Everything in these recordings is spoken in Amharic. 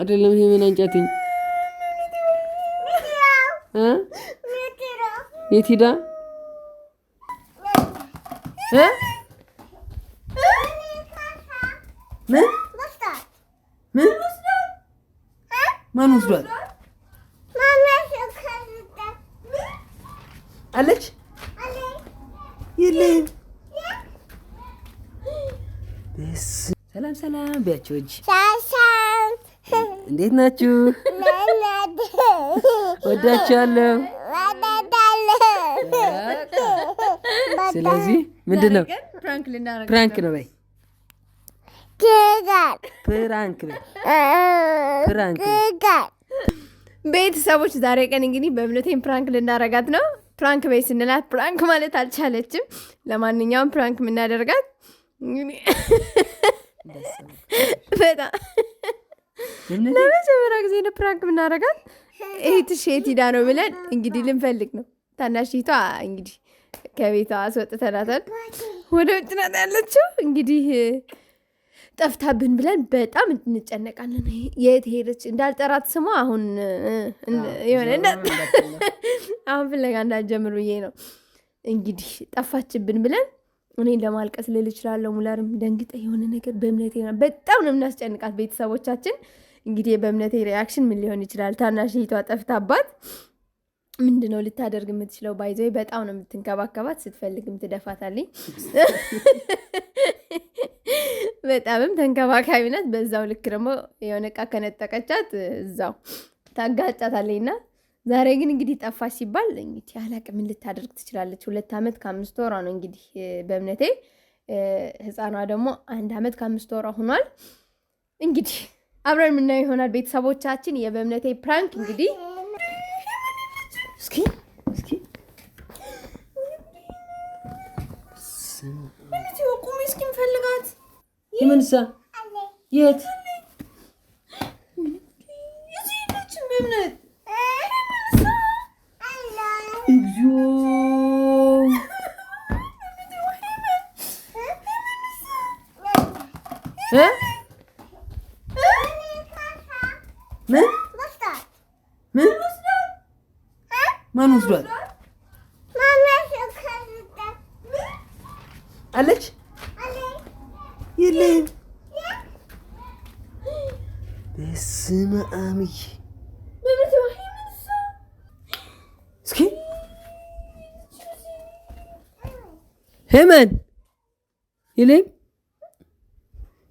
አይደለም ይሄ ምን አንጨትኝ የት ሄዳ ምን ማን ወስዷል አለች የለም። ሰላም ሰላም ቢያቸው እጅ እንዴት ናችሁ? ወዳችኋለሁ። ስለዚህ ምንድን ነው ፕራንክ ነው በይ ፕራንክ ፕራንክ ቤተሰቦች ዛሬ ቀን እንግዲህ በእምነቴን ፕራንክ ልናረጋት ነው። ፕራንክ በይ ስንላት ፕራንክ ማለት አልቻለችም። ለማንኛውም ፕራንክ የምናደርጋት በጣም ለመጀመሪያ ጊዜ ነው ፕራንክ የምናደርጋት። እህትሽ የት ሄዳ ነው ብለን እንግዲህ ልንፈልግ ነው። ታናሽቷ እንግዲህ ከቤቷ አስወጥተናታል፣ ወደ ውጭ ናት ያለችው። እንግዲህ ጠፍታብን ብለን በጣም እንጨነቃለን። የት ሄደች እንዳልጠራት ስሟ አሁን የሆነ አሁን ፍለጋ እንዳልጀምር ብዬ ነው እንግዲህ ጠፋችብን ብለን እኔ ለማልቀስ ልል እችላለሁ። ሙላርም ደንግጠ የሆነ ነገር በእምነቴ በጣም ነው የምናስጨንቃት። ቤተሰቦቻችን እንግዲህ በእምነቴ ሪያክሽን ምን ሊሆን ይችላል? ታናሽ ሂቷ ጠፍታባት ምንድን ነው ልታደርግ የምትችለው? ባይዘይ በጣም ነው የምትንከባከባት፣ ስትፈልግም ትደፋታለች። በጣምም ተንከባካቢ ናት። በዛው ልክ ደግሞ የሆነ ዕቃ ከነጠቀቻት እዛው ታጋጫታለች ዛሬ ግን እንግዲህ ጠፋች ሲባል እንግዲህ ያላቅ ምን ልታደርግ ትችላለች። ሁለት ዓመት ከአምስት ወሯ ነው እንግዲህ በእምነቴ ህፃኗ ደግሞ አንድ ዓመት ከአምስት ወሯ ሆኗል። እንግዲህ አብረን የምናየው ይሆናል። ቤተሰቦቻችን የበእምነቴ ፕራንክ እንግዲህ እስኪ እስኪ ቁሚ እስኪ እንፈልጋት የት በእምነት Ne? Ne? Mustard. Ne? Man Mustard. Alex? Yelin. Desime ami. Mehmet Vahim insan. Ski? Hemen. Yelin.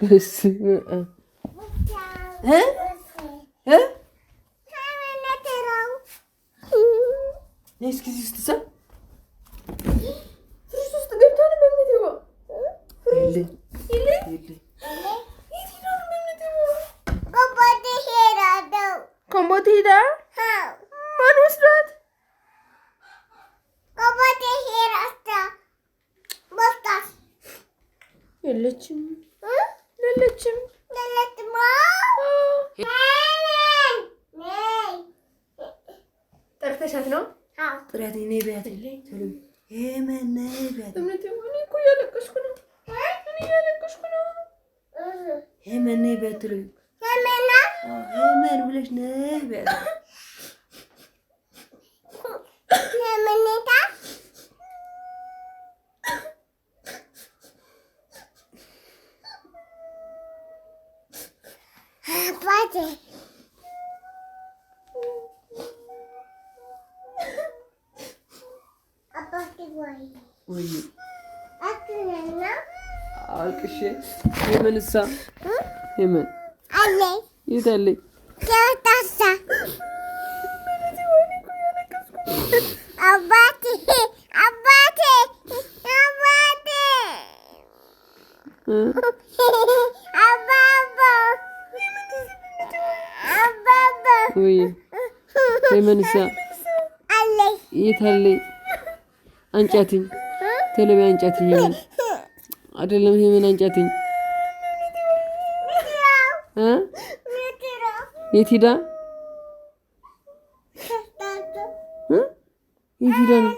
እስኪ እዚህ ውስጥ እዛ ፍሪጅ ውስጥ ገብታ ሄዳ ማን የለችም የለችም። ጠርተሻት ነው? ጥሪያት እኔ በያት ሄመን ነይ በያት ሄመን ብለሽ ነይ በያት Hadi. Uyu. Alkışı. Hemen ısa. Hemen. Anne. Yeterli. Kırtasa. Abati. Abati. Abati. ወይ ሃይመንሳ የታለይ አንጫትኝ ተለቢ አንጫትኝ ሄመን አይደለም ምን አንጫትኝ እ የት ሂዳ የት ሂዳ ነው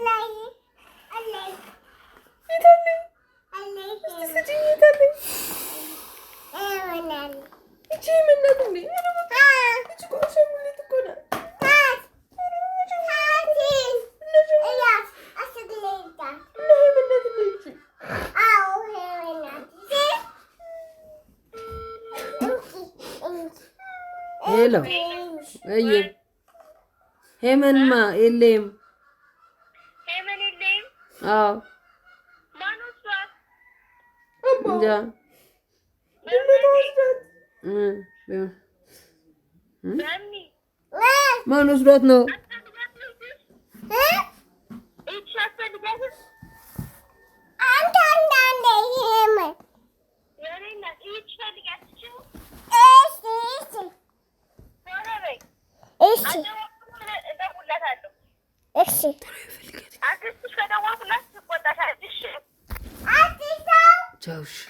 ሄሎ እይ ሄመንማ የለም። ሄመን የለም። አዎ እንጃ ማን ወስዷት ነው?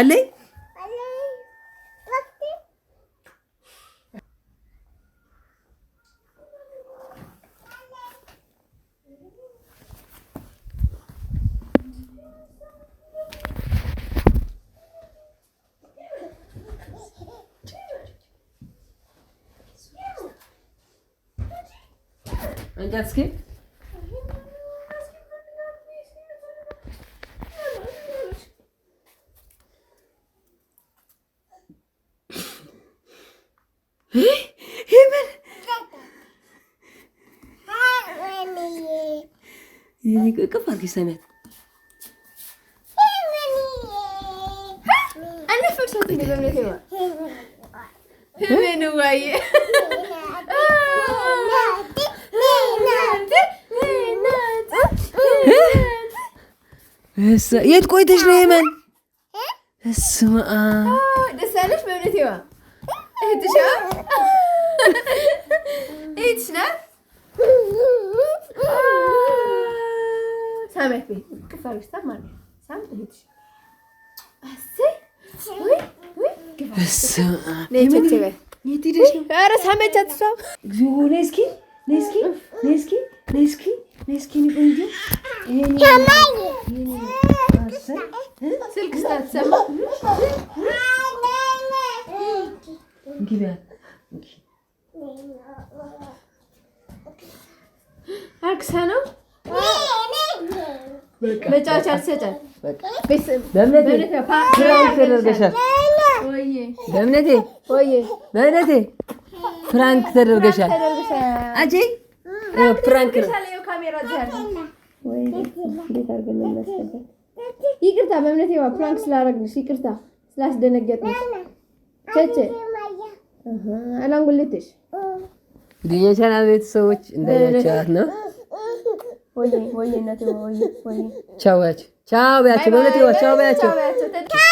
അല്ലേ And that's it. እቅፍ አድርጊ ሰሚያት የት ቆይተሽ ነው የመን? እስማ ደስ አለሽ? ዋ እህትሽ እህትሽ ናት። ሳሚያት ቤት እቅፍ ማለት ሳም ትሄድሽ አርክሳ ነው መጫወቻ አልሰጠን። በእምነቴ ፍራንክ ተደርገሻል። አንቺ ፍራንክ ነው። ይቅርታ በእምነቴ ፍራንክ ስላደረግንሽ ይቅርታ ስላስደነገጥንሽ ቸቼ አላንጉልትሽ። የቻናል ቤተሰቦች እንዳያቸዋት ነው ቻው በያቸው ቻው በያቸው በእውነት ቻው